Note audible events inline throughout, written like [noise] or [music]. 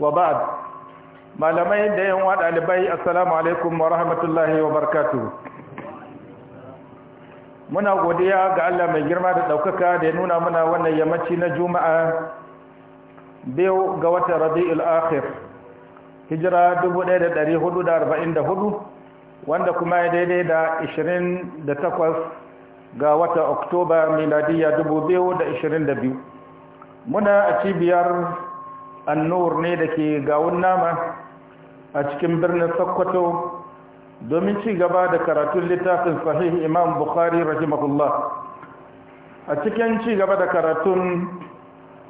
wa ba'd malamai da yan wa dalibai assalamu alaikum wa rahmatullahi wa barakatuh muna godiya ga Allah mai girma da ɗaukaka da ya nuna muna wannan yammaci na juma'a biyu ga watan rabi'ul akhir hijira 1444 wanda kuma ya daidai da 28 ga watan oktoba miladiyya 2022 muna a cibiyar annur ne da ke gawun nama a cikin birnin sokoto domin ci gaba da karatun littafin sahih imam bukhari rahimahullah a cikin ci gaba da karatun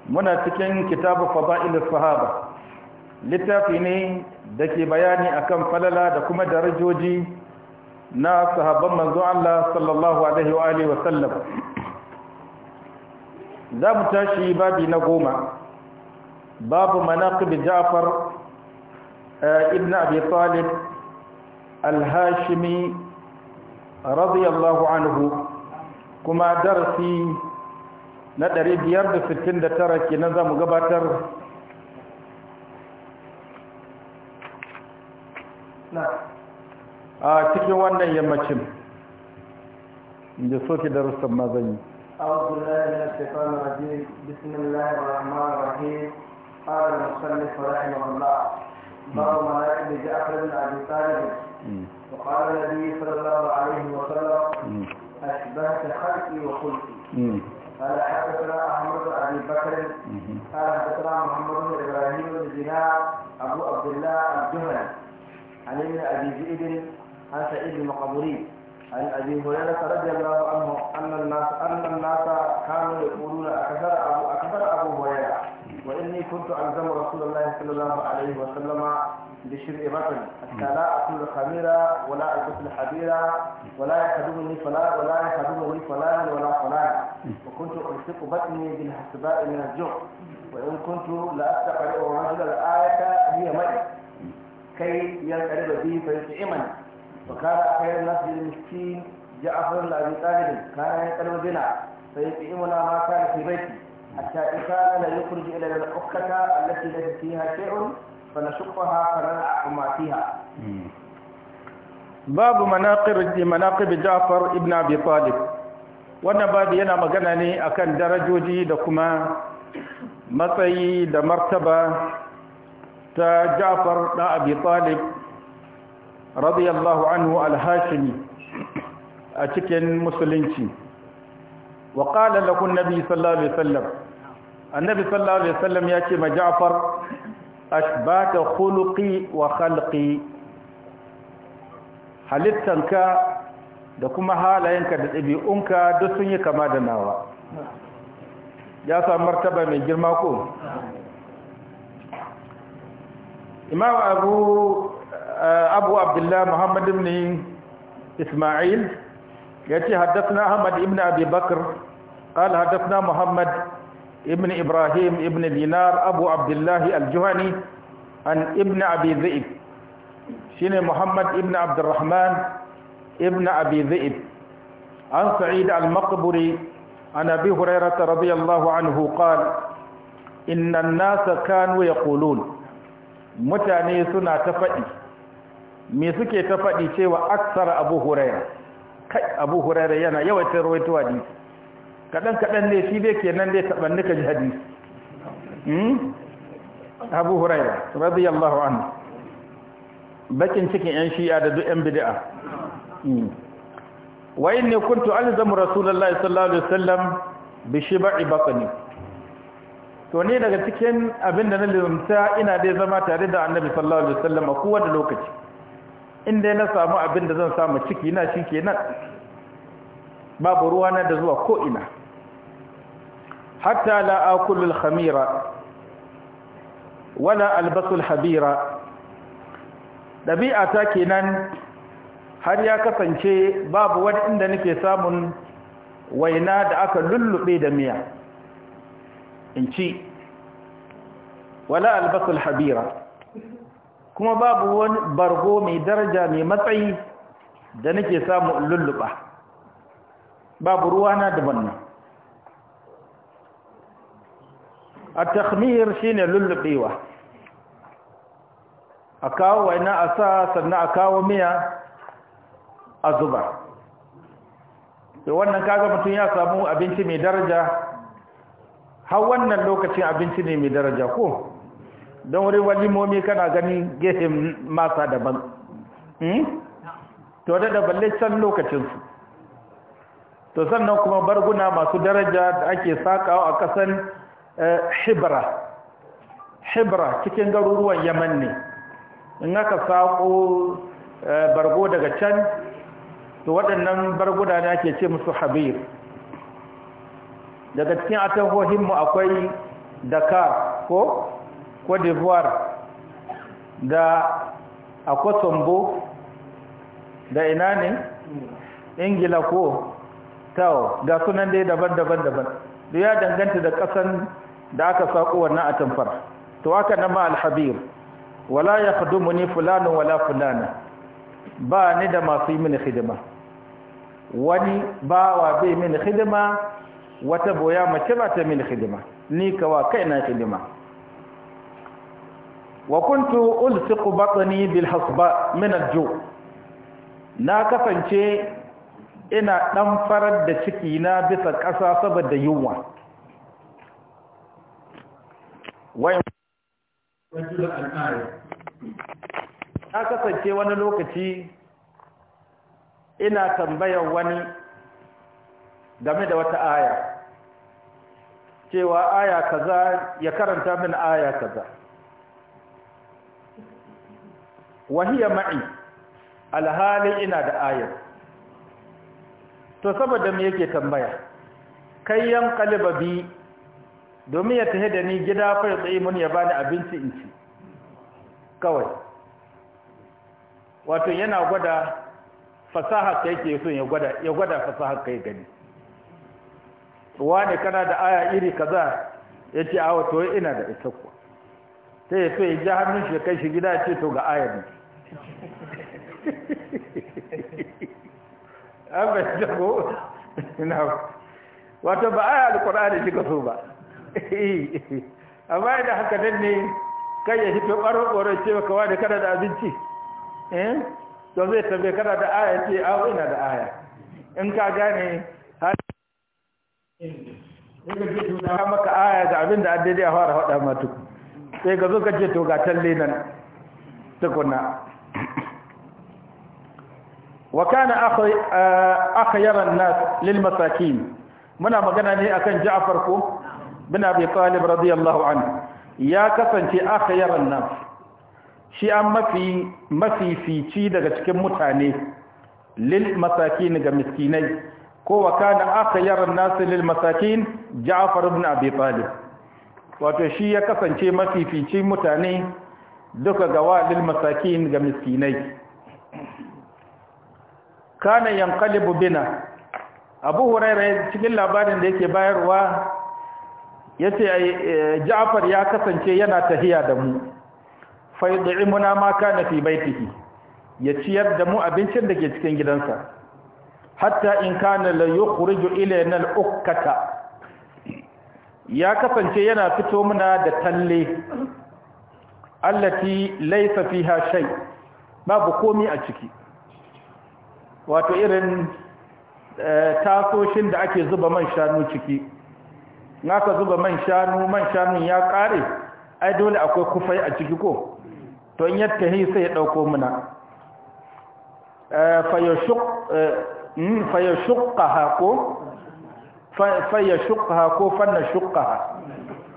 muna cikin kitabu fada'il sahaba littafi ne da ke bayani akan falala da kuma darajoji na sahabban manzo Allah sallallahu alaihi wa alihi wa sallam za mu tashi babi na goma باب مناقب جعفر ابن أبي طالب الهاشمي رضي الله عنه كما درسي ندري بيار بستين تركي نظام قبطر a cikin wannan yammacin da soke darussan أعوذ بالله من الشيطان الرجيم بسم الله الرحمن الرحيم قال المصنف رحمه الله باب مناقب جعفر بن ابي طالب وقال النبي صلى الله عليه وسلم اشبهت خلقي وخلقي قال حدثنا احمد بن ابي بكر قال حدثنا محمد بن ابراهيم بن زناد ابو عبد الله الجهني عن ابن ابي زيد عن سعيد المقبوري عن ابي هريره رضي الله عنه ان الناس ان الناس كانوا يقولون اكثر ابو وإني كنت ألزم رسول الله صلى الله عليه وسلم بشرء بطن حتى لا أكون خميرا ولا ألبس الحبيرا ولا يخدمني فلان ولا يخدمني فلان ولا فلان وكنت ألصق بطني بالحسباء من الجوع وإن كنت لأستقرئ رجل الآية هي معي كي ينقلب بي فيطعمني وكان خير الناس للمسكين جعفر بن أبي طالب كان ينقلب بنا فيطعمنا ما كان في بيتي حتى إذا لا يخرج إلى الأخة التي ليس فيها شيء فنشقها فنلعق ما فيها باب مناقب مناقب جعفر ابن أبي طالب wannan babu yana magana ne akan darajoji da kuma matsayi da martaba ta Ja'far da Abi Talib radiyallahu anhu al-Hashimi a cikin musulunci wa qala lahu an-nabi sallallahu alaihi wasallam annabi sallallahu alaihi wasallam ya ce ma Ja'far ashbaka khuluqi wa khalqi halittanka da kuma halayenka da ɗabi'unka duk sun yi kama da nawa ya samu martaba mai girma ko imam abu eh, abu abdullah muhammad ibn isma'il ya ce haddasa ahmad ibn abi bakr قال حدثنا محمد ابن إبراهيم ابن دينار أبو عبد الله الجهني عن ابن أبي ذئب شين محمد ابن عبد الرحمن ابن أبي ذئب عن سعيد المقبري عن أبي هريرة رضي الله عنه قال إن الناس كانوا يقولون متاني سنة تفئي me suke ta faɗi cewa aksar abu huraira kai abu huraira yana yawaita rawaito hadisi kaɗan kaɗan ne shi dai kenan dai taɓanni ka ji hadisi hmm? abu huraira radiyallahu anhu bakin cikin yan shi'a da duk yan bid'a hmm. wa inni kuntu alzamu rasulullahi sallallahu alaihi wasallam bi shib'i batni to ne daga cikin abin da na lumta ina dai zama tare da annabi sallallahu alaihi wasallam a da lokaci inda na samu abin da zan samu ciki na shi kenan babu ruwa na da zuwa ko ina hatta la akulul khamira wala albasul habira ɗabi'a ta kenan har ya kasance babu wani inda nake samun waina da aka lullube da miya in ci wala albasul habira kuma babu wani bargo mai daraja mai matsayi da nake samu lulluba babu ruwana da wannan at-takhmir shine lullubewa a kawo waina a sa sannan a kawo miya a zuba da wannan kaga mutum ya samu abinci mai daraja har wannan lokacin abinci ne mai daraja ko don wuri momi kana gani gefen masa daban to da da balle can lokacinsu to sannan kuma barguna masu daraja da ake sakawa a kasan hibra hibra cikin garuruwan yaman ne in aka saƙo eh, bargo daga can to waɗannan barguda ne ake ce musu habir daga cikin atahohinmu akwai dakar ko cote d'ivoire da akwasombo da ina ne ingila ko tau ga sunan dai daban-daban daban da ya danganta da ƙasan da aka saƙo wannan a tamfar to haka nama ma alhabir wala ya ni fulani wala fulana ba ni da masu yi mini hidima wani ba wa bai mini hidima wata boya mace ba ta mini hidima ni kawa na hidima wa kuntu ulsiqu batni bil hasba min al na kasance ina dan farar da ciki na bisa ƙasa saboda yunwa wayan na kasance wani lokaci ina tambayar wani game da wata aya cewa aya kaza ya karanta min aya kaza wahiya ma'i alhali ina da ayar to saboda me yake tambaya kai yan kaliba bi domin ya tahe da ni gida fai tsaye mun ya bani abinci in ci kawai wato yana gwada fasaha ka yake so ya gwada ya gwada fasaha ka ya gani wani kana da aya iri kaza ya ce a to ina da ita ko. sai ya so ya ji hannun shi kai shi gida ya ce to ga aya ne [laughs] an bai jago wato ba aya alkur'ani shi ka so ba Eh, amma da haka nan ne kai ya hito ɓaro-ɓaro ce maka wani kana da abinci eh to zai tabbai kada da aya ce awo ina da aya in ka gane har sai ka ce to da maka aya ga abin da addini ya fara faɗa matu tuku sai ka zo ka ce to ga talle nan tukuna wa kana eh, an nas lil masakin muna magana ne akan Ja'far ko bin abi talib radiyallahu anhu ya kasance akhyaran nas shi an mafi mafifici daga cikin mutane lil masakin ga miskinai ko wa kana akhyaran nas lil masakin ja'far ibn abi talib wato shi ya kasance mafifici mutane duka ga lil masakin ga miskinai kana yanqalibu bina abu huraira cikin labarin da yake bayarwa ya ce eh, ja'afar ya kasance yana tahiya da mu muna ma kana fi baitihi ya ciyar da mu abincin da ke cikin gidansa hatta in kana la yukhriju ilayna al-ukkata ya kasance yana fito muna da talle allati laysa fiha shay babu komi a ciki wato irin eh, tasoshin da ake zuba man shanu ciki naka zuba man shanu man shanun ya kare ai dole akwai kufai a ciki ko to in yadda hi sai ya dauko muna eh, eh, hmm, fayashuqaha ko yashuqha ko fa shuqaha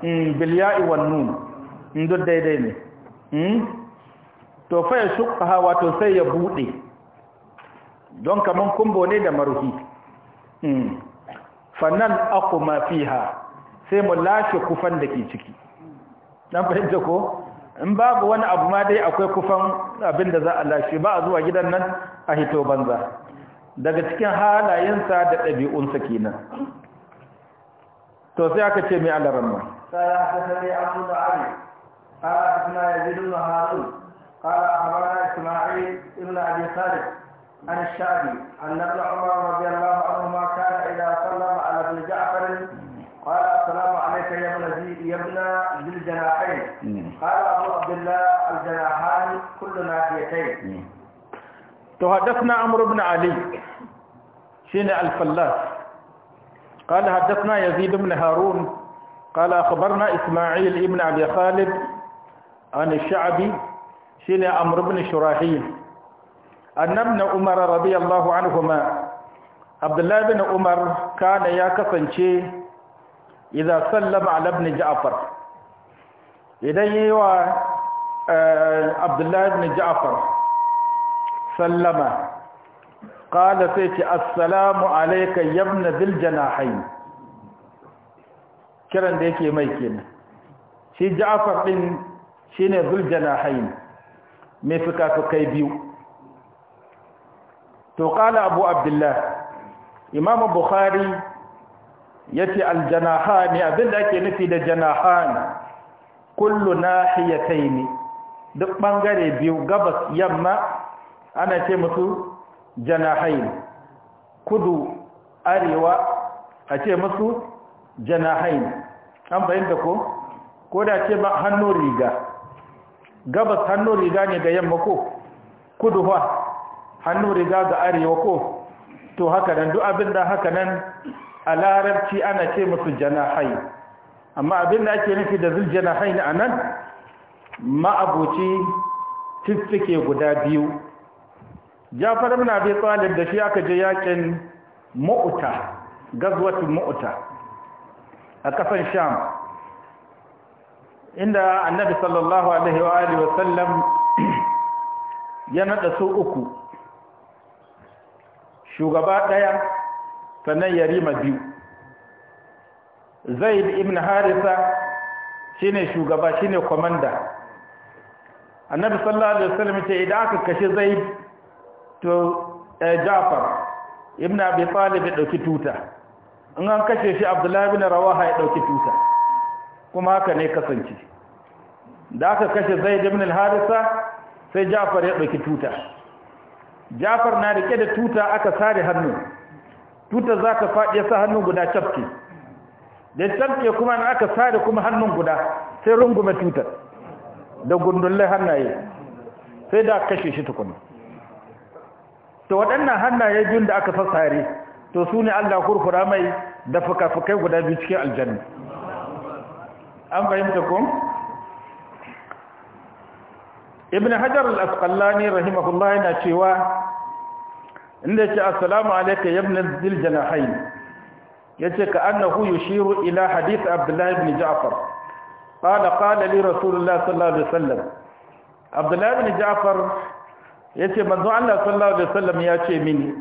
hmm, bil ya'i wan nun hmm, duk daidai ne to fa fayashuqaha wato sai ya bude don kaman kumbo ne da maruhi fannan aquma fiha sai mu lashe kufan da ke ciki dan fahimta ko in babu wani abu ma dai akwai kufan abin da za a lashe ba a zuwa gidan nan a hito banza daga cikin halayensa da ɗabi'unsa kenan to sai aka ce mai alaran ma sai aka sani abu قال أخبرنا إسماعيل أبي خالد عن الشعبي أن ابن عمر رضي الله عنهما كان إذا على ابن جعفر قال ذلك يا ابن يا ابن ذي الجناحين قال ابو عبد الله الجناحان كل ناحيتين تحدثنا عمرو بن علي شين الفلاس قال حدثنا يزيد بن هارون قال أخبرنا إسماعيل ابن أبي خالد عن الشعبي شين عمرو بن شراحيل أن ابن عمر رضي الله عنهما عبد الله بن عمر كان يا كسنشي Idan sallama ala ja'afar idan yayi wa abdullahi ibn ja'far sallama qala sai ce assalamu alayka ya ibn dhil janahayn kiran da yake mai kenan shi ja'far din shine dhil janahayn mai fuka kai biyu to qala abu Abdullahi imam bukhari yace aljanahani abinda ake nufi da janahani kullu nahiyataini duk bangare biyu gabas yamma ana ce musu janahain kudu arewa a ce musu janahain an fahimta ko ko da ce ba hannun riga gabas hannun riga ne ga yamma ko kudu ha hannun riga ga arewa ko to haka nan duk abin da haka nan a larabci ana ce musu janahai amma abin da ake nufi da zuljanahai a nan ma'abuci tuffuke guda biyu fara muna bai talib da shi aka je yakin mu'uta gazwatu mu'uta a kasan sham inda annabi sallallahu alaihi wa alihi wa sallam ya nada su uku shugaba daya sannan yarima biyu zaid ibn harisa shine shugaba shine komanda annabi sallallahu alaihi wasallam ce idan aka kashe zaid to eh, jafar ibn abi talib ya dauki tuta in an kashe shi abdullahi ibn rawaha ya dauki tuta kuma haka ne kasance da aka kashe zaid ibn harisa sai jafar ya dauki tuta jafar na rike da tuta aka sare hannu tutar za ka faɗi ya sa hannun guda cafke da cafke kuma na aka sare kuma hannun guda sai rungume tutar da gundullai hannaye sai da kashe shi tukuna to waɗannan hannaye biyun da aka sassare to su ne allah kurkura mai da fuka-fukai guda biyu cikin aljanna an fahimta kun? ibn hajar al-asqallani rahimahullah yana cewa inda ya yake assalamu alayka ya ibn zil janahayn yace ka huyu shiru ila hadith Abdullahi ibn ja'far qala qala li rasulullah sallallahu alaihi wasallam abdullah ibn ja'far yace manzo Allah sallallahu alaihi wasallam ce mini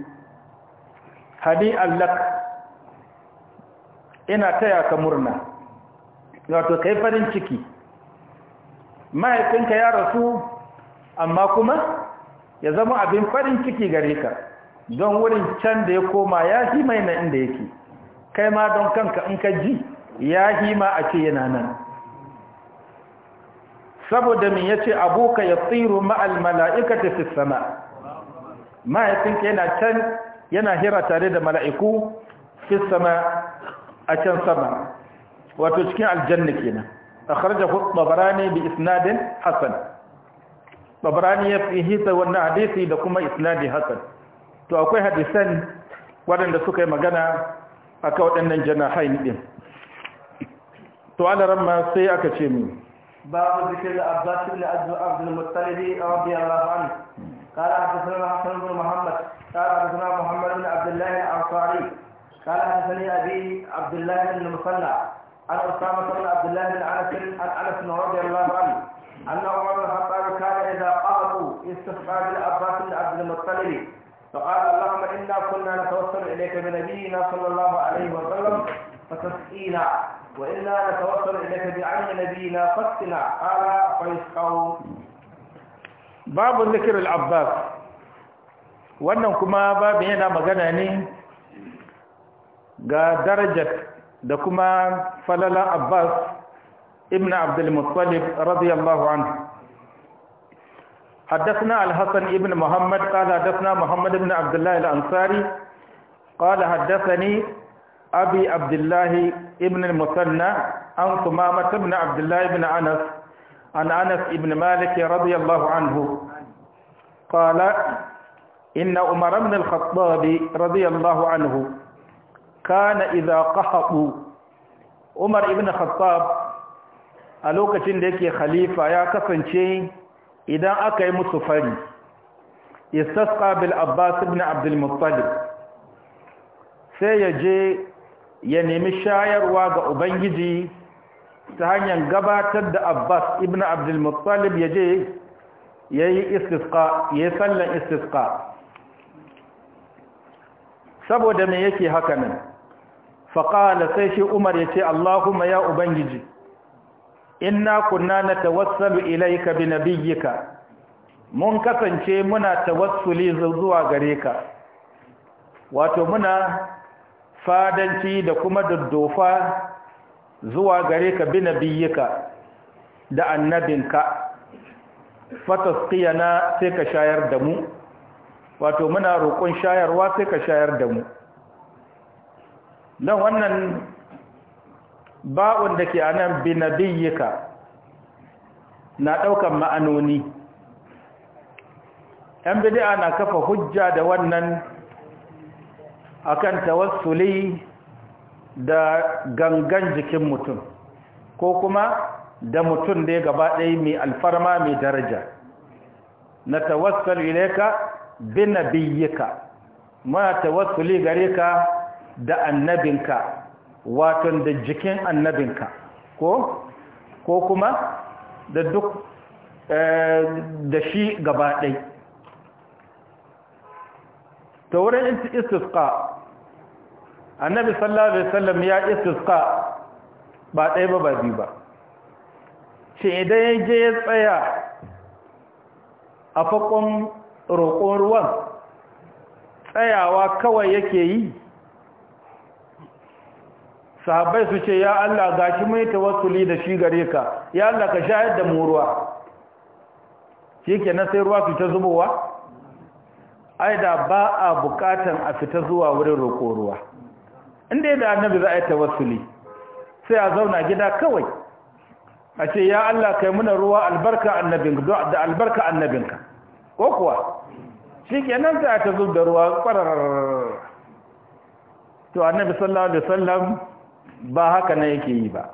hadi allak ina taya ka murna wato kai farin ciki mahaifinka ya rasu amma kuma ya zama abin farin ciki gare ka don wurin can da ya koma ya fi mai na inda yake kai ma don kanka in ka ji ya fi ma a ce yana nan saboda min ya ce abuka ya tsiru ma'al ta fi sama mahaifinka yana can yana hira tare da mala'iku fi sama a can sama wato cikin aljanna kenan a kharjahu babarani bi isnadin Hassan. babarani ya fi hita wannan hadisi da kuma Isnadin Hassan. to akwai hadisan waɗanda suka yi magana a ɗan waɗannan jana haini ɗin to ala ramma sai aka ce mu ba a zikin da Abdullahi da abdullu mustalibi a wabi al-rahman kala a hasan na hasan bin muhammad kala a hasan na muhammad bin abdullahi al-asari kala a hasan ya bi abdullahi bin musalla an usama sallan abdullahi bin alafin al-alaf na wabi al-rahman an na ya da hatsarin kala ya zaɓa abu istifar da abbasin da abdullu mustalibi فقال اللهم إنا كنا نتوسل إليك بنبينا صلى الله عليه وسلم فتسقينا وإنا نتوسل إليك بعين نبينا فاسقنا قال فيسقوا باب ذكر العباس wannan kuma babin yana magana ne ga darajar da kuma falala abbas ibn abdulmuttalib radiyallahu anhu حدثنا الحسن ابن محمد قال حدثنا محمد بن عبد الله الأنصاري قال حدثني أبي عبد الله ابن المثنى عن ثمامة بن عبد الله بن أنس عن أنس بن مالك رضي الله عنه قال إن عمر بن الخطاب رضي الله عنه كان إذا قحطوا عمر بن الخطاب a lokacin da yake khalifa ya kasance idan aka yi musu fari istasqa bil abbas ibn abdul muttalib sai ya ya nemi shayarwa ga ubangiji ta hanyar gabatar da abbas ibn abdul muttalib ya je ya yi istisqa sallan istisqa saboda me yake haka nan faƙala sai shi umar ya ce allahumma ya ubangiji inna kunna natawassalu ilayka bi nabiyyika mun kasance muna tawassuli zuwa gare ka wato muna fadanci da kuma daddofa zuwa gare ka bi nabiyyika da annabinka fatasqiyana sai ka shayar da mu wato muna roƙon shayarwa sai ka shayar da mu dan wannan ba'un da ke anan bi nabiyyika na ɗaukan ma'anoni ‘yan bidi'a na kafa hujja da wannan akan tawassuli da gangan jikin mutum ko kuma da mutum da ya gaba ɗaya mai alfarma mai daraja na tawassul ilaika bi nabiyyika muna tawassuli gare ka da annabinka waton da jikin annabinka ko ko kuma da duk eh, da shi gaba ɗai ta wurin istisqa annabi sallallahu alaihi wasallam ya istisqa ba ɗai ba ba biyu ba ce idan ya je ya tsaya a fakon roƙon ruwan tsayawa kawai yake yi sahabbai su ce ya Allah gashi mai tawassuli da shi gare ka ya Allah ka shayar da mu ruwa na sai ruwa fita zubowa ai da ba a bukatan a fita zuwa wurin roƙo ruwa inda da annabi za a yi tawassuli sai a zauna gida kawai a ce ya Allah kai muna ruwa albarka annabinka da albarka ka ko kuwa nan sai a ta zub da ruwa kwarar to annabi sallallahu alaihi wasallam ba haka na yake yi ba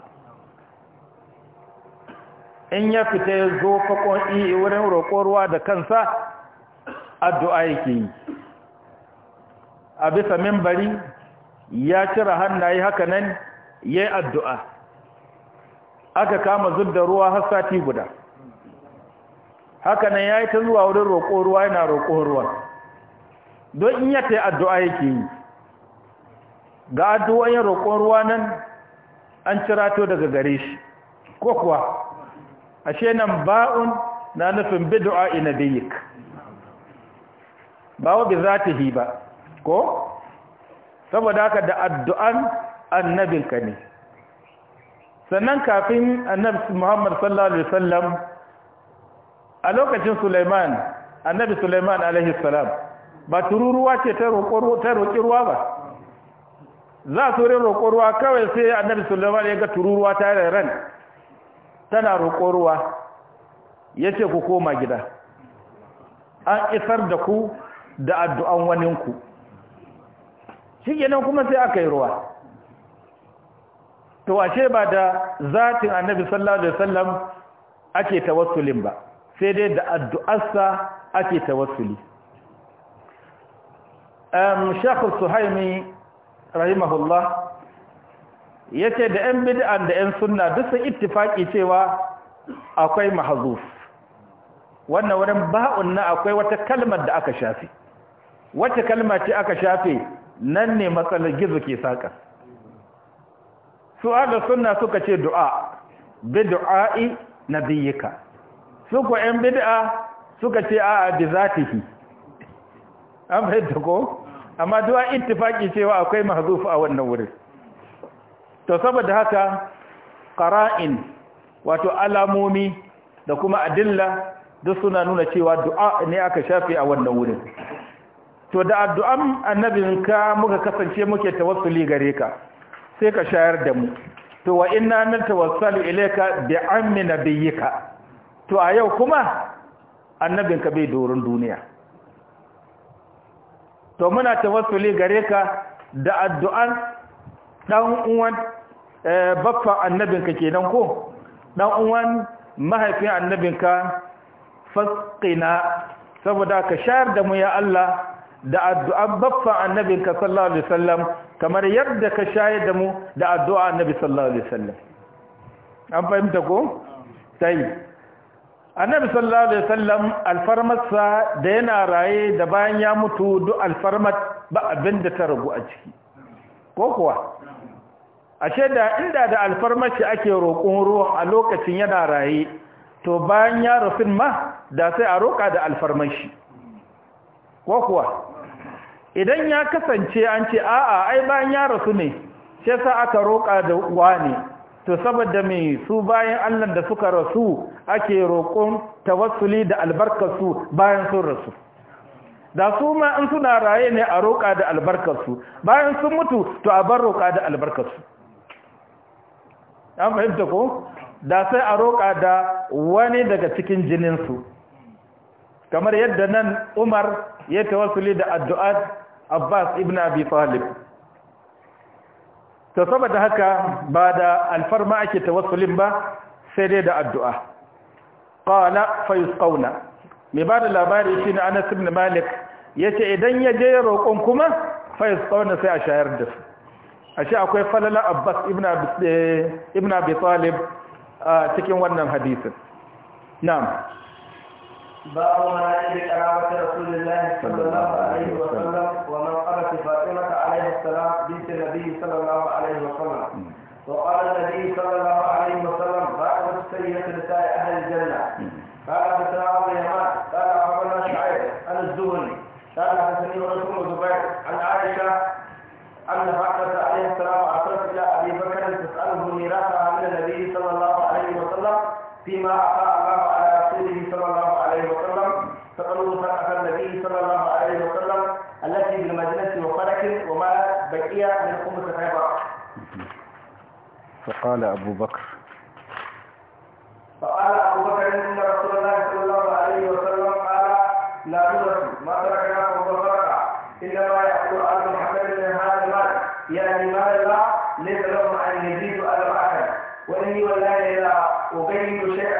in ya fita ya zo fakon iya wurin roƙorwa da kansa addu'a yake yi a bisa mimbari ya cire hannaye haka nan ya yi addu'a aka kama zub da ruwa har sati guda haka nan ya yi ta zuwa wurin roƙorwa ruwa yana roƙorwa don in ya ta yi addu'a yake yi ga yin roƙon ruwa nan an cirato daga gare shi ko kuwa ashe nan ba'un na nufin bid'a ina biyik ba wa bi hi ba ko saboda haka da addu'an annabinka ne sannan kafin annabi Muhammad sallallahu alaihi wasallam a lokacin Sulaiman annabi Sulaiman alaihi salam ba tururuwa ce ta roƙi ruwa ba za su rin roƙorwa kawai sai annabi sulaiman ya ga tururuwa ta yi ran tana roƙorwa ya ce ku koma gida an isar da ku da addu'an waninku shi gina kuma sai aka yi ruwa to ashe ba da zatin annabi sallallahu alaihi wasallam ake tawassulin ba sai dai da addu'arsa ake tawassuli um suhaimi rahimahullah yace da yan bid'an da yan sunna duk sun ittifaki cewa akwai mahzuf wannan wurin ba'un na akwai wata kalmar da aka shafe wata kalma ce aka shafe nan ne matsalar gizo ke saka su ala sunna suka ce du'a bid'a'i nabiyyika su ko yan bid'a suka ce a'a bi zatihi an fahimta ko amma duwa ittifaki cewa akwai mahzuf a wannan wurin to saboda haka qara'in wato alamomi da kuma adilla duk suna nuna cewa du'a ne aka shafe a wannan wurin to da addu'an annabinka muka kasance muke tawassuli gare ka sai ka shayar da mu to wa inna na tawassalu ilayka bi ammi nabiyyika to a yau kuma annabinka bai doron duniya to muna tawassuli gare ka da addu'an dan uwan eh, baffan annabinka kenan ko dan uwan mahaifin annabinka fasqina saboda ka shayar da mu ya Allah da addu'an baffa annabinka sallallahu alaihi wasallam kamar yadda ka shayar da mu da addu'a annabi sallallahu alaihi wasallam an fahimta ko sai annabi sallallahu alaihi wasallam alfarmarsa da yana raye da bayan ya mutu duk alfarmat ba abin da ta ragu a ciki ko kuwa ashe da inda da alfarmashi ake roƙon ruwan a lokacin yana raye to bayan ya rufin ma da sai a roƙa da alfarmashi ko kuwa idan ya kasance an ce a'a ai bayan ya rasu ne sai sa aka roƙa da wani to saboda me su bayan Allah da suka rasu ake roƙon tawassuli da albarkarsu bayan sun rasu da su ma in suna raye ne a roƙa da albarkarsu bayan sun mutu to a bar roƙa da albarkarsu an fahimta ko da sai a roƙa da wani daga cikin jininsu kamar yadda nan umar ya tawassuli da addu'ar abbas ibn abi talib to saboda haka ba da alfarma ake tawassulin ba sai dai da addu'a qala fa yusqawna mai ba da labari shine Anas ibn Malik Ya ce idan ya je roƙon kuma fa yusqawna sai a shayar da su A ashe akwai falala Abbas ibn eh, ibn Abi Talib cikin wannan hadisin na'am باب مناقب قرابة رسول الله صلى الله عليه وسلم ومنقبة فاطمة عليه السلام بنت النبي صلى الله عليه وسلم وقال النبي صلى الله عليه وسلم بعد سيدة نساء أهل الجنة قال حدثنا أبو اليمان قال أخبرنا شعيب عن الزهري قال حدثني رسول بن زبير عن عائشة أن فاطمة عليه السلام عثرت إلى أبي بكر تسأله ميراثها من النبي صلى الله عليه وسلم فيما أعطى الله فقال أبو بكر فقال أبو بكر إن رسول الله صلى الله عليه وسلم قال لا تدرك ما تركنا فوق إنما يأكل أهل محمد من هذا المال يعني مال لا ليس لهم أن يزيدوا على الأكل وإني والله لا أبين شيئا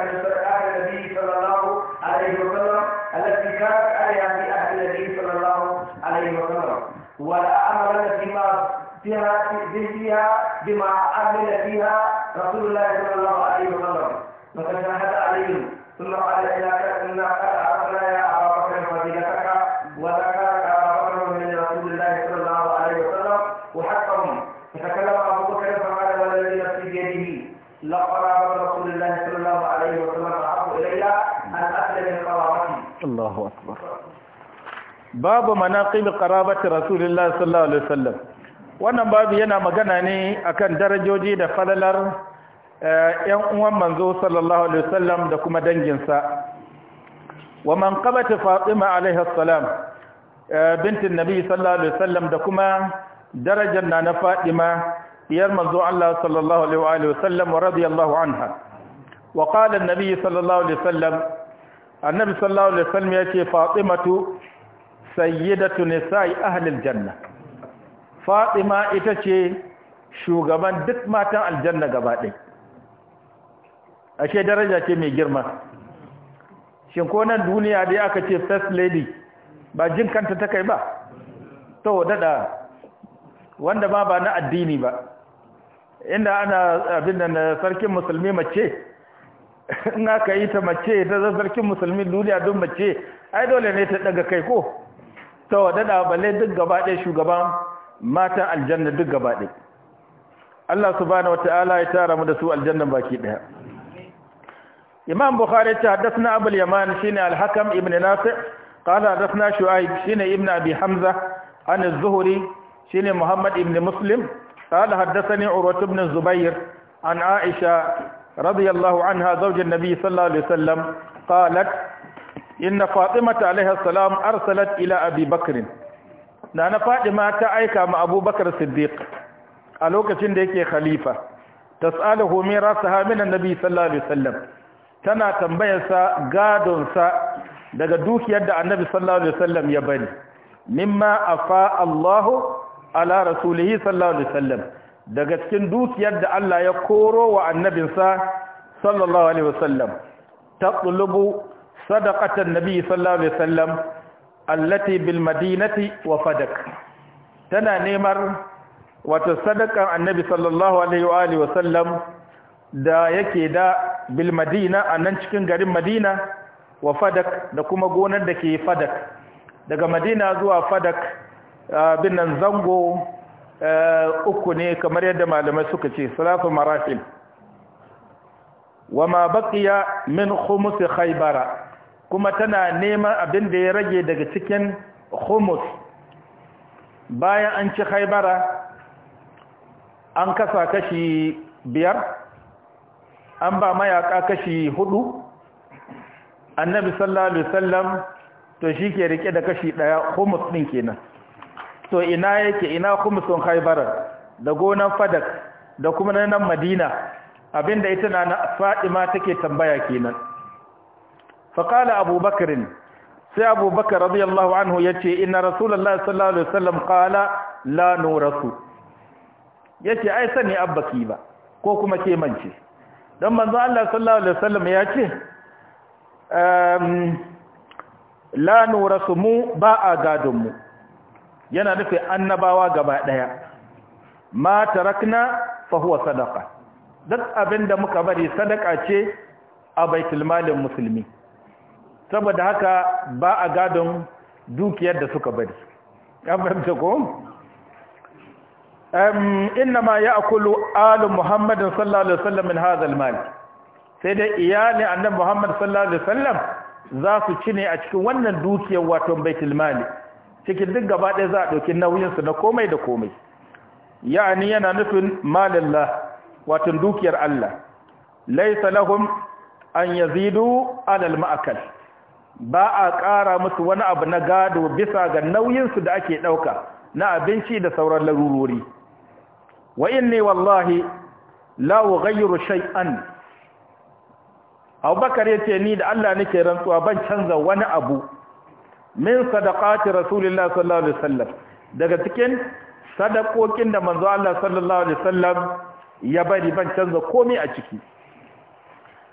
بها بها بما عمل بها رسول الله صلى الله عليه وسلم وقد شهد عليهم ثم قال الى انا قد عرفنا يا ابا بكر فضيلتك وذكرك ابا بكر من رسول الله صلى الله عليه وسلم وحقهم فتكلم ابو بكر فقال والذي نفسي بيده لقرابه رسول الله صلى الله عليه وسلم احب الي ان اسلم قرابتي الله اكبر باب مناقب قرابه رسول الله صلى الله عليه وسلم wannan babu yana magana ne akan darajoji da falalar ƴan eh, uwan manzo sallallahu Alaihi wasallam da kuma danginsa. Wa man kabata Fatima salam eh, bintin Nabi sallallahu Alaihi wasallam da kuma darajar na na Fatima diyar manzo Allah sallallahu Alaihi wasallam wa radiyallahu anha. Wa ƙalar Nabi sallallahu Alaihi wasallam, annabi sallallahu Alaihi wasallam ya ce Fatimatu sayyidatu nisa'i ahlil janna. fatima ita ce shugaban duk matan aljanna gaba ɗai ashe daraja ce mai girma shin ko nan duniya dai aka ce first lady ba jin kanta ta kai ba to dada wanda ma ba na addini ba inda ana abin da na sarkin musulmi mace in aka yi ta mace ta zan sarkin musulmi duniya don mace ai dole ne ta daga kai ko to dada balle duk gaba ɗaya shugaban matan aljanna duk gaba ɗaya Allah subhanahu wataala ya tara mu da su aljanna baki ɗaya Imam Bukhari ta haddathna Abu al-Yaman shine al-Hakam ibn Nafi' qala haddathna Shu'aib shine ibn Abi Hamza an az-Zuhri shine Muhammad ibn Muslim qala haddathani Urwa ibn Zubair an Aisha radiyallahu anha zawj an-nabi sallallahu alaihi wasallam qalat إن فاطمة عليها السلام أرسلت إلى أبي بكر na na fadima ta aika ma abubakar siddiq a lokacin da yake khalifa tas'aluhu mirasaha min annabi sallallahu alaihi wasallam tana tambayarsa gadon sa daga dukiyar da annabi sallallahu alaihi wasallam ya bari mimma afa Allahu ala rasulihi sallallahu alaihi wasallam daga cikin dukiyar da Allah ya koro wa annabinsa sallallahu alaihi wasallam taqlubu sadaqatan nabi sallallahu alaihi wasallam allati bil madinati wa fadak tana neman wata sadakan annabi sallallahu alaihi wa alihi wa sallam da yake da bil madina anan cikin garin madina wa fadak da kuma gonar da ke fadak daga madina zuwa fadak bin nan zango uku ne kamar yadda malamai suka ce salafin marafil wa ma baqiya min khumus khaybara kuma tana neman abin da ya rage daga cikin humus bayan an ci haibara an kasa kashi biyar an ba mayaka kashi hudu annabi sallallahu alaihi wasallam to shi ke rike da kashi daya humus din kenan to ina yake ina humusun haibara da gonan fadak da kuma nan madina abinda ita na fadima take tambaya kenan faƙala abubakarin sai abubakar radiyallahu anhu ya ce ina rasulallah sallallahu alaihi wasallam ƙala lanu rasu ya ce ai sani abbaki ba ko kuma ke mance don manzo Allah sallallahu alaihi wasallam ya ce lanu rasu mu ba a gadonmu yana nufin annabawa gaba ɗaya ma tarakna fa huwa sadaqa duk abinda muka bari sadaka ce a baitul malin musulmi saboda haka ba a gadon dukiyar da suka bari an fahimta ko inna ma ya akulu alu muhammadin sallallahu alaihi wasallam min hadha almal sai dai iyali annabi muhammad sallallahu alaihi wasallam za su ci ne a cikin wannan dukiyar wato baitul mali cikin duk gaba ɗaya za a ɗauki nauyinsu na komai da komai ya'ani yana nufin malallah wato dukiyar Allah laisa lahum an yazidu alal ma'akal ba a ƙara musu wani abu na gado bisa ga nauyinsu da ake ɗauka na abinci da sauran larurori wa inni wallahi la ughayyiru shay'an Abubakar yace ni da Allah nake rantsuwa ban canza wani abu min sadaqati Rasulillah sallallahu alaihi wasallam daga cikin sadakokin da manzo Allah sallallahu alaihi wasallam ya bari ban canza komai a ciki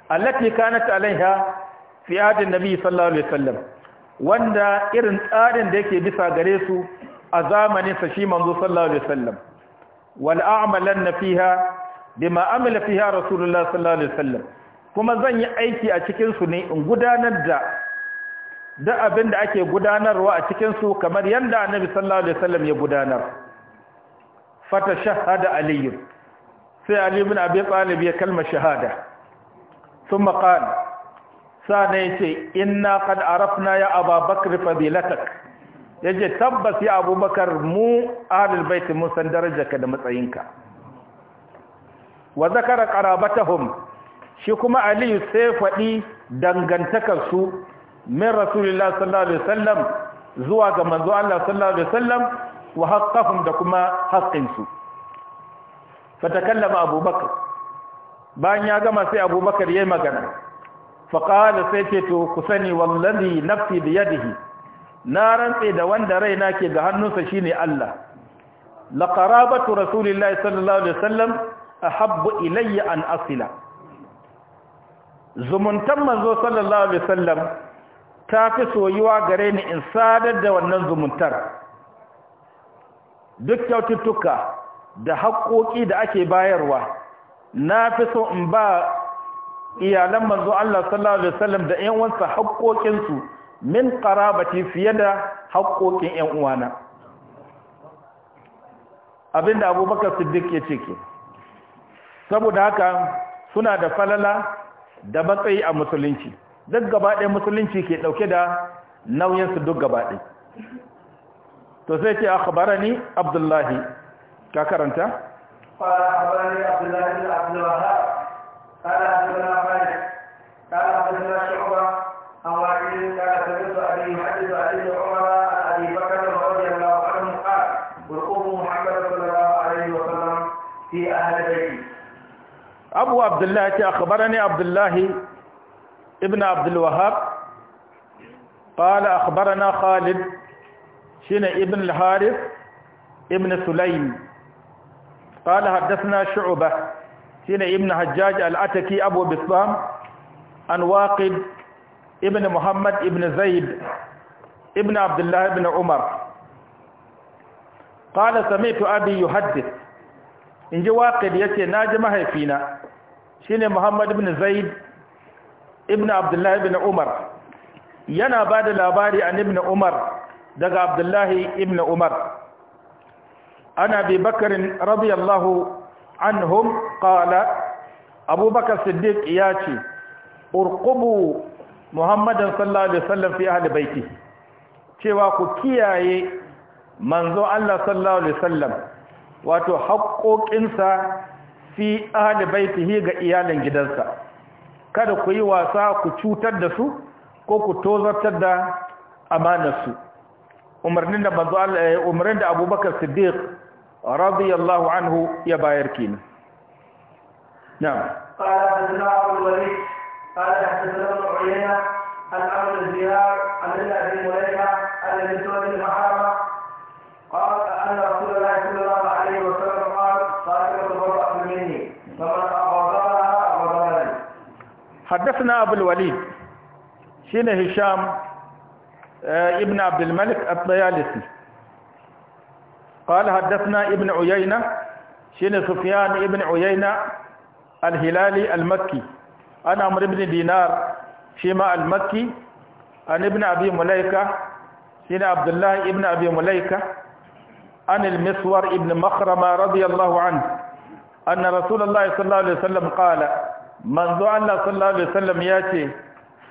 allati kanat alaiha fi nabi sallallahu alaihi wasallam wanda irin tsarin da yake bisa gare su a zamanin sa shi manzo sallallahu alaihi wasallam wal a'malanna fiha bima amila fiha rasulullah sallallahu alaihi wasallam kuma zan yi aiki a cikin su ne in gudanar da da abin da ake gudanarwa a cikin su kamar yanda annabi sallallahu alaihi wasallam ya gudanar fata shahada aliyu sai ali ibn abi talib ya kalma shahada thumma qala sana ya ce inna kad arafna ya ababakar fadilatak ya ce tabbas ya abubakar mu ahalul baiti mun san darajarka da matsayinka wa zakara karabatahum shi kuma aliyu sai faɗi dangantakarsu min rasulillah sallallahu alaihi wasallam zuwa ga manzo Allah sallallahu alaihi wasallam wa haqqahum da kuma haqqinsu takallama abubakar bayan ya gama sai abubakar yayi magana faƙala sai ce to ku sani wallazi nafsi bi yadihi na rantse da wanda raina ke ga hannunsa shine Allah la qarabatu rasulillahi sallallahu alaihi wasallam ahabbu ilayya an asila zumuntan manzo sallallahu alaihi wasallam ta fi soyuwa gare ni in sadar da wannan zumuntar duk kyaututtuka da haƙoƙi da ake bayarwa na fi so in ba iyalan manzo Allah sallallahu alaihi wasallam da ƴan uwansa haƙoƙin su min qarabati fiye da haƙoƙin ƴan uwana abinda Abubakar Siddiq ya ce ke saboda haka suna da falala da matsayi a musulunci duk gaba musulunci ke ɗauke da nauyinsu duk gaba ɗaya to sai ce akhbarani Abdullahi ka karanta fa akhbarani Abdullahi al Abdullahi. قال حدثنا خالد قال حدثنا شعبة عن واحد قال سمعت أبي يحدث أبي عمر أبي بكر رضي الله عنه قال وقوم محمد صلى الله عليه وسلم في أهل بيتي أبو عبد الله أخبرني عبد الله ابن عبد الوهاب قال أخبرنا خالد شين ابن الحارث ابن سليم قال حدثنا شعبة shine ibn hajjaj al-ataki abu bisbam an waqid ibn muhammad ibn zaid ibn abdullah ibn umar qala sami'tu abi yuhaddith inji waqid yace naji mahaifina shine muhammad ibn zaid ibn abdullah ibn umar yana bada labari an ibn umar daga abdullah ibn umar ana bi bakr radiyallahu anhum qala abubakar siddiq ya ce urqubu muhammadan sallallahu alaihi wasallam fi ahli baiti cewa ku kiyaye manzo Allah sallallahu alaihi wasallam wato haƙoƙinsa fi ahli baitihi ga iyalan gidansa kada ku yi wasa ku cutar da su ko ku tozartar da amanarsu umarnin da manzo Allah eh, umarnin da Abubakar Siddiq رضي الله عنه bayar kenan na'am قال حدثنا عبد الوليد قال حدثنا ابن عيينه عن امر بن زياد عن ابي مليكه عن ابي سعد بن قال ان رسول الله صلى الله عليه وسلم قال صاحبه تبرأ مني فمن اغضبها اغضبني حدثنا ابو الوليد شين هشام ابن عبد الملك الطيالسي قال حدثنا ابن عيينة شين سفيان ابن عيينة الهلالي المكي أنا عمرو بن دينار شيما المكي عن ابن أبي مليكة شين عبد الله ابن أبي مليكة عن المسور ابن مخرمة رضي الله عنه أن رسول الله صلى الله عليه وسلم قال من ذو الله صلى الله عليه وسلم ياتي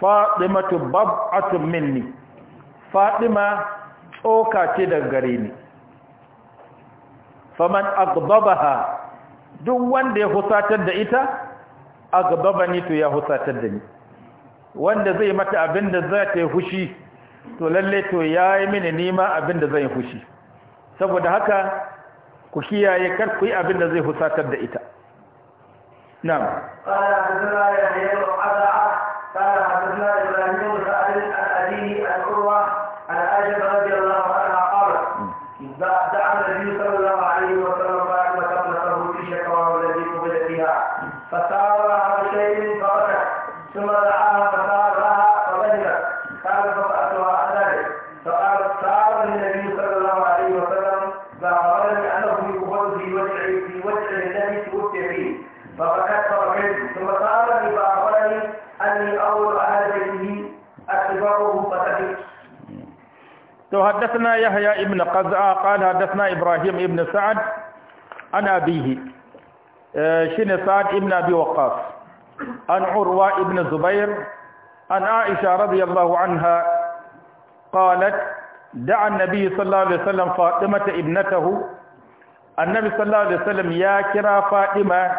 فاطمة بضعة مني فاطمة أوكا تدى غريني faman aghdabaha duk wanda ya husatar da ita aghdabani to ya husatar da ni wanda zai mata abinda za ta yi hushi to lalle to yayi mini nima abinda da zai hushi saboda haka ku kiyaye kar ku yi da zai husatar da ita na'am qala hadithuna yahya qala ibrahim حدثنا يحيى ابن قزعة قال حدثنا إبراهيم ابن سعد عن أبيه آه، شن سعد ابن أبي وقاص عن عروة ابن الزبير عن عائشة رضي الله عنها قالت دعا النبي صلى الله عليه وسلم فاطمة ابنته النبي صلى الله عليه وسلم يا كرا فاطمة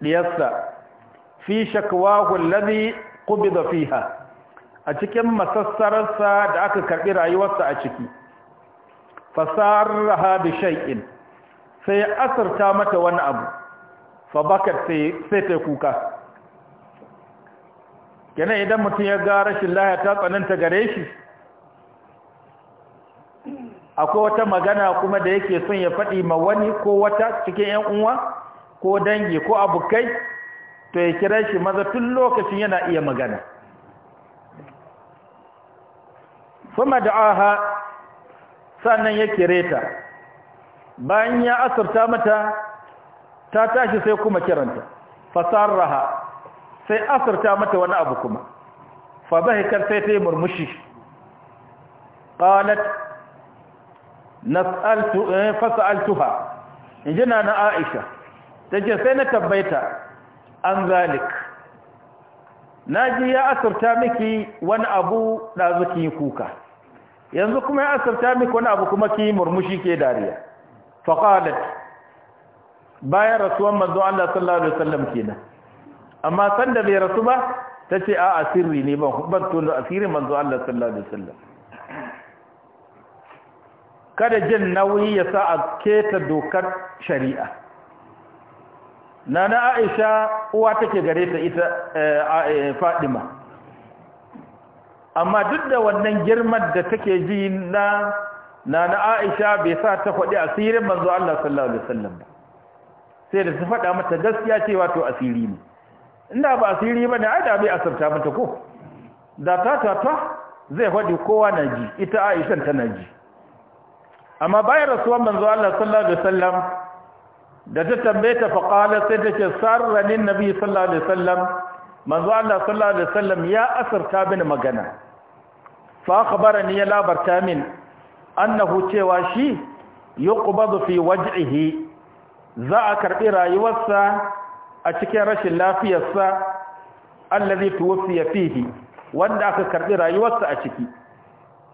ليسا في شكواه الذي قبض فيها a cikin masassararsa da aka karɓi rayuwarsa a ciki fasarraha bi shay'in sai asarta mata wani abu fa bakat sai ta kuka kenan idan mutum ya ga rashin laya ta tsananta gare shi akwai wata magana kuma da yake son ya faɗi ma wani ko wata cikin 'yan uwa ko dangi ko abokai to ya kira shi maza tun lokacin yana iya magana kuma da'aha sannan ya kire ta bayan ya asarta mata ta tashi sai kuma kiranta fasarraha sai asarta mata wani abu kuma fa bahikar sai ta yi murmushi qalat nas'altu eh, fas'altuha injina na Aisha tace sai na tabbaita an zalik naji ya asarta miki wani abu da zuki kuka yanzu kuma ya asabta miki wani abu kuma ki murmushi ke dariya faqalat bayan rasuwan manzo Allah sallallahu alaihi wasallam kenan amma san da bai rasu ba tace a asiri ne ban ban tono asirin manzo Allah sallallahu alaihi wasallam kada jin nauyi ya sa a keta dokar shari'a nana Aisha uwa take gare ta ita eh, Fadima amma duk da wannan girman da take ji na na na Aisha bai sa ta faɗi asirin manzo Allah sallallahu alaihi wasallam ba sai da su faɗa mata gaskiya cewa to asiri ne inda ba asiri ba ne ai da bai asarta mata ko da ta ta ta zai faɗi kowa na ji ita Aisha tana ji amma bayan rasuwan manzo Allah sallallahu alaihi wasallam da ta tambaye ta fa qala sai ta ce sarra nin nabi sallallahu alaihi wasallam manzo Allah sallallahu alaihi wasallam ya asarta bin magana fa ni ya labarta min annahu cewa shi yuqbadu fi waj'ihi za a karbi rayuwarsa a cikin rashin lafiyarsa allazi tuwfiya fihi wanda aka karbi rayuwarsa a ciki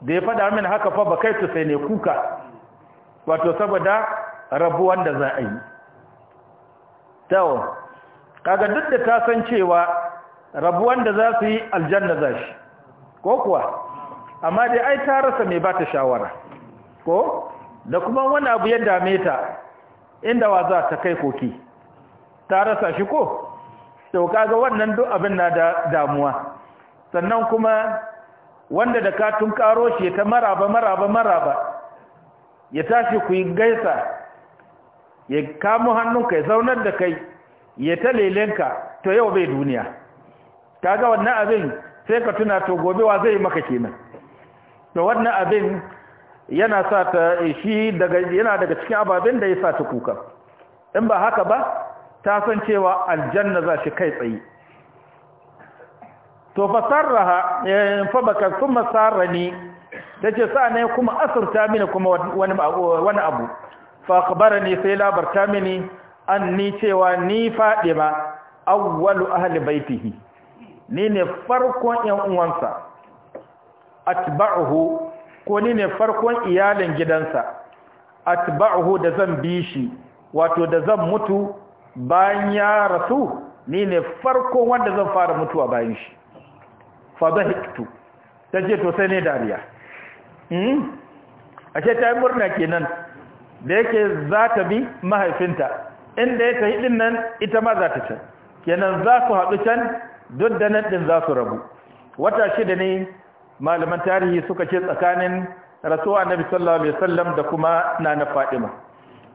da ya fada min haka fa ba kai sai ne kuka wato saboda rabu da za a yi kaga duk da ta san cewa rabuwan da za su yi aljanna za shi ko kuwa amma dai ai ta rasa mai bata shawara ko da kuma wani abu ya dame ta inda wa za ta kai koki ta rasa shi ko to kaga wannan duk abin na da damuwa sannan kuma wanda da ka tun karo shi ta maraba maraba maraba ya tashi ku yi gaisa ya kamo hannunka ya zaunar da kai ya ta lelenka to yau bai duniya kaga wannan abin sai ka tuna to gobe wa zai maka kenan To wannan abin yana sa ta shi daga yana daga cikin ababen da ya sa ta kuka in ba haka ba ta san cewa aljanna za shi kai tsayi. to fasarraha eh, fa baka kuma sarani tace sa ne kuma asirta mini kuma wani wani abu fa akhbarani sai labarta mini an ni cewa ni fadima awwalu ahli baitihi ni ne farkon yan uwansa atba'uhu ko ni ne farkon iyalin gidansa atba'uhu da zan bi shi wato da zan mutu bayan ya rasu ni ne farkon wanda zan fara mutuwa bayan shi fa dhahiktu taje to sai ne dariya hmm ashe ta yi murna kenan da yake za ta bi mahaifinta inda ya tafi din nan ita ma za ta can kenan za su haɗu can duk da nan din za su rabu wata shida ne malaman tarihi suka ce tsakanin rasuwa annabi sallallahu alaihi wasallam da kuma nana Fatima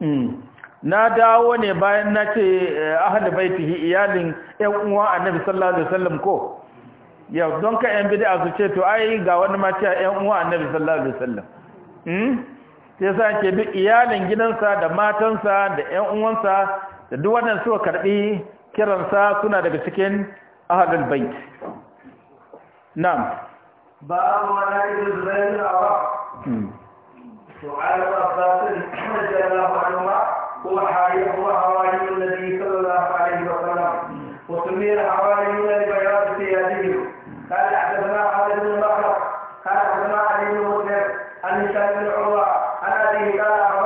hmm. na dawo ne bayan na ce eh, ahli baitihi iyalin ƴan uwa annabi sallallahu alaihi wasallam ko yau don ka ƴan bid'a su ce to ai ga wani ma ce ƴan uwa annabi sallallahu alaihi wasallam hmm sai sa ke duk iyalin gidansa da matansa da ƴan uwansa da duk wannan suka karbi kiransa suna daga cikin ahlul bait na'am باب ما يجوز بين الآراء وعن عباس رضي الله عنهما هو حالي هو النبي صلى الله عليه وسلم وسمي الحواليون لبياض ثيابهم قال حدثنا خالد بن بكر قال حدثنا علي بن مسلم عن هشام بن عروه عن ابيه قال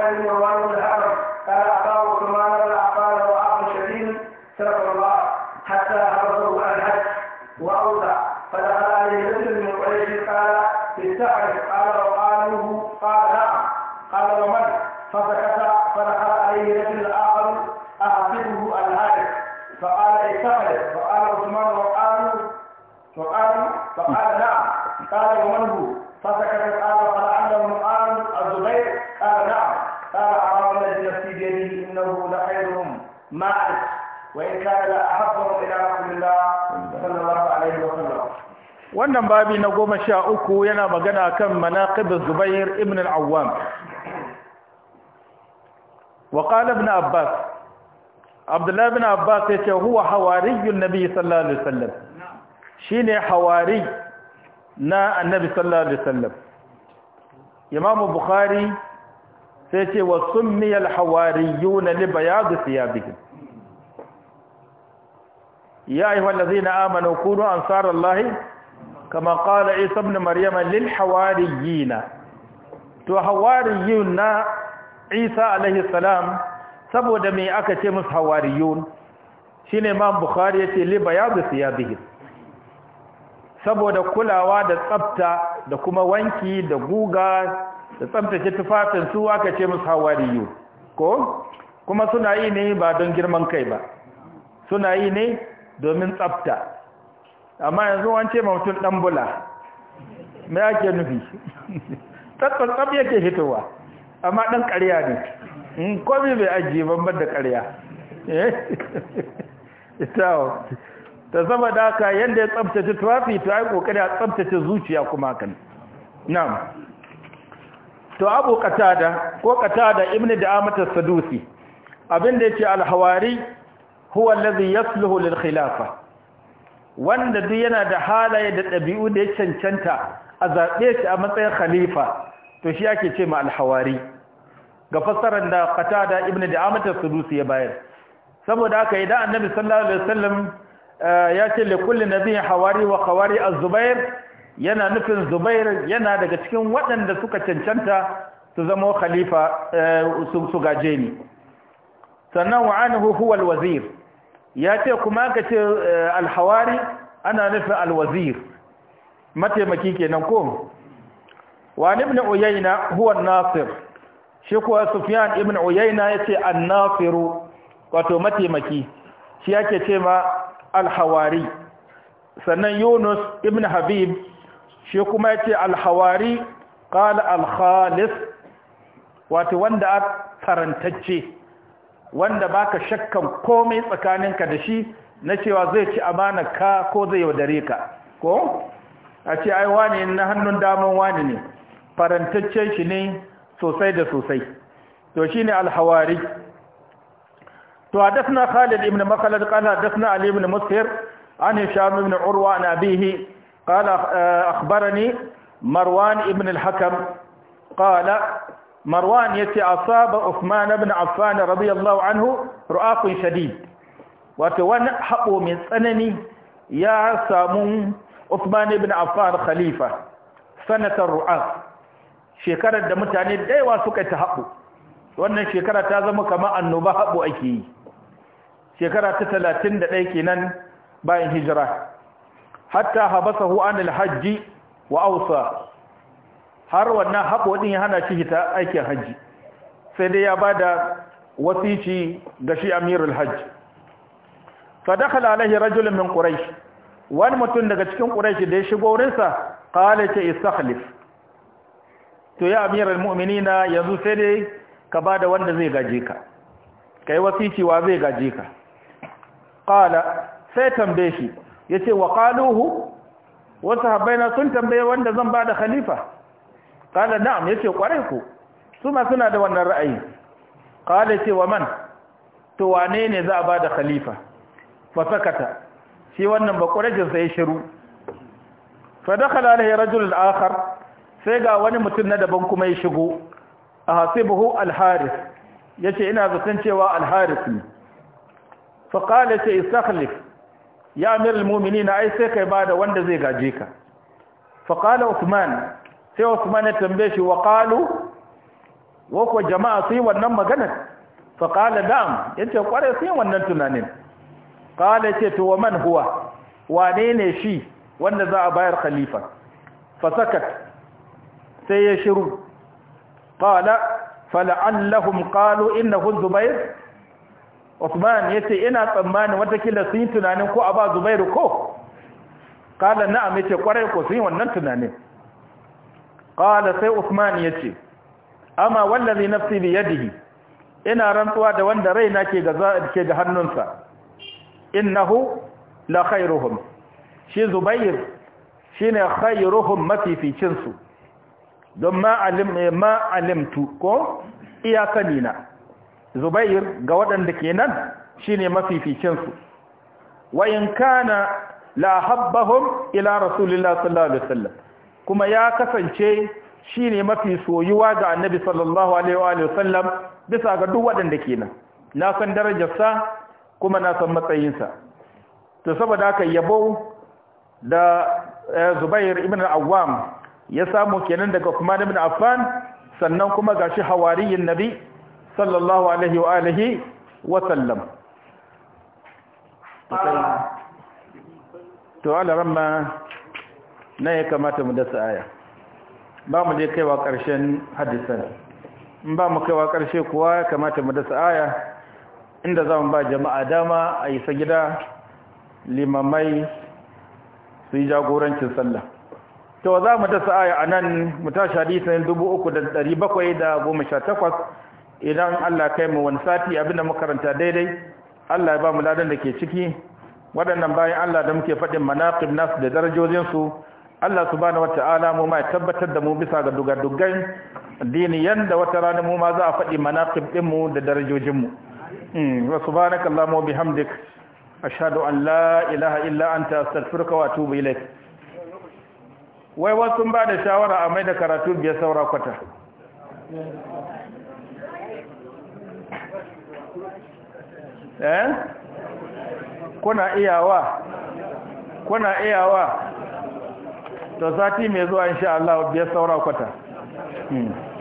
قال وقاله قال نعم قال ومن فسكت فدخل عليه رجل اخر wannan babi na goma sha uku yana magana kan manaƙibin zubair ibn al'awwam wa ƙala abbas abdullahi ibn abbas ya ce huwa hawariyun nabi sallallahu alaihi wasallam shi ne hawari na annabi sallallahu alaihi wasallam imamu bukhari sai ce wa summiyal hawariyuna li bayadu thiyabihim ya ayyuhallazina an kunu lahi? kama qala isa ibn maryama lil hawariyina to hawariyun na isa alaihi salam saboda me aka ce musu hawariyun shine imam bukhari yace ya bayad siyabihim saboda kulawa da tsafta da kuma wanki da guga da tsaftace tufafin su aka ce musu hawariyu ko kuma suna yi ne ba don girman kai ba suna yi ne domin tsafta amma yanzu an ce mutum dan bula me yake nufi tsatsan tsab yake hitowa amma dan ƙarya ne in hmm, komai bai ajiye ban da ƙarya eh ita ta zama da haka yadda ya tsabtace tuwafi ta yi kokari a tsabtace zuciya kuma kan na'am to abu qatada ko qatada ibnu da'amat as-sadusi abinda yace al-hawari huwa alladhi yasluhu lil khilafa wanda duk yana da halaye da ɗabi'u da ya cancanta a zaɓe shi a matsayin khalifa to shi ake ce ma alhawari ga fassarar da Ibn ibnu da'amata sulusi ya bayar saboda haka idan annabi sallallahu alaihi wasallam eh, ya ce li kulli nabiyyin hawari wa khawari az-zubair yana nufin zubair yana daga cikin waɗanda suka cancanta su zama khalifa eh, su gaje ni sannan wa anhu huwa wazir ya ce kuma ka ce eh, alhawari ana nufin alwazir mataimaki kenan ko wani ibn uyayna huwa nasir shi kuwa sufyan ibn uyayna ya ce annasiru wato mataimaki shi yake ce ma alhawari sannan yunus ibn habib shi kuma ya ce alhawari kala alhalis wato wanda a karantacce. wanda baka shakkan komai tsakaninka da shi na cewa zai ci amana ka ko zai yaudare ka ko a ce ai wani na hannun damar wani ne farantaccen shi ne sosai da sosai to shine alhawari to hadathna Khalid ibn Makhlad qala hadathna Ali ibn Musfir an Hisham ibn Urwa an abihi qala akhbarani Marwan ibn al-Hakam marwan yace asaba Uthman ibn Affan radiyallahu anhu ru'aqun shadid wato wani habo mai tsanani ya samu Uthman ibn Affan khalifa sanatar ru'aq shekarar da mutane da yawa suka ta habo wannan shekara ta zama kamar annoba habo ake yi shekara ta 31 kenan bayan hijira hatta habasahu anil hajji wa awsa har wannan haɓo ɗin ya hana shi ta aikin hajji sai dai ya ba da wasici ga shi amirul hajji fadakala alaihi rajulun min quraish wani mutum daga cikin ƙuraishi da ya shigo wurinsa qala ce istakhlif to ya amirul na yanzu sai dai ka ba da wanda zai gaje ka kai wasici wa zai gaje ka ƙala sai tambaye shi ce wa ƙaluhu wasu na sun tambaye wanda zan ba da khalifa kala na'am yace kwarai ku su suna da wannan ra'ayi kala ce wa man to wane ne za a ba da khalifa fa sakata shi wannan ba kurajin sai shiru fa dakhala alayhi rajul akhar sai ga wani mutum na daban kuma ya shigo a hasibuhu Alharis. Ya yace ina zaton cewa Alharis ne fa kala ce istakhlif ya amir almu'minina ai sai kai bada wanda zai gaje ka fa Usman. sai Usman ya tambaye shi wa qalu wa ko jama'a sai wannan magana fa qala dam yace kware sai wannan tunanin qala ce to wa man huwa wane ne shi wanda za a bayar khalifa fa sakat sai ya shiru qala fala'allahum qalu innahu zubair Usman yace ina tsammanin watakila sun yi tunanin ko a ba Zubair ko kala na'am yace kware ko sun yi wannan tunanin qala sai usman yace amma wallazi nafsi bi yadihi ina rantsuwa da wanda raina ke ga ke ga hannunsa innahu la khairuhum shi zubair shine khairuhum mafificin su don ma alim eh, ma alimtu ko iyakanina zubair ga waɗanda kenan shine mafificin su wa in kana la habbahum ila rasulillahi sallallahu alaihi wasallam kuma ya kasance shi ne mafi soyuwa ga annabi sallallahu alaihi wa sallam bisa ga duk waɗanda kenan na san darajarsa kuma na san matsayinsa to saboda haka yabo da eh, Zubair ibn Awwam ya samu kenan daga kuma ibn Affan sannan kuma ga shi hawariyin Nabi sallallahu alaihi wa alihi wa sallam to na ya kamata mu dasa aya ba mu je kaiwa ƙarshen hadisan in ba mu kaiwa ƙarshe kuwa ya kamata mu dasa aya inda za mu ba jama'a dama a isa gida limamai su yi jagorancin sallah to za mu dasa aya a nan mu tashi hadisan 3,718 idan Allah kai mu wani sati abinda makaranta daidai Allah ya ba mu ladan da ke ciki waɗannan bayan Allah da muke faɗin manaƙib nasu da darajojinsu Allah subhanahu wata'ala mu ma ya tabbatar da mu bisa ga dugadugan dini yanda wata rana mu ma za a faɗi manaqib din mu da darajojin mu hmm, wa subhanaka allahumma wa bihamdik ashhadu an la ilaha illa anta astaghfiruka wa atubu ilaik wai wasu sun ba da shawara a mai da karatu biyar saura kwata eh kuna iyawa kuna iyawa to sati mai zuwa insha Allah biyar saura kwata hmm.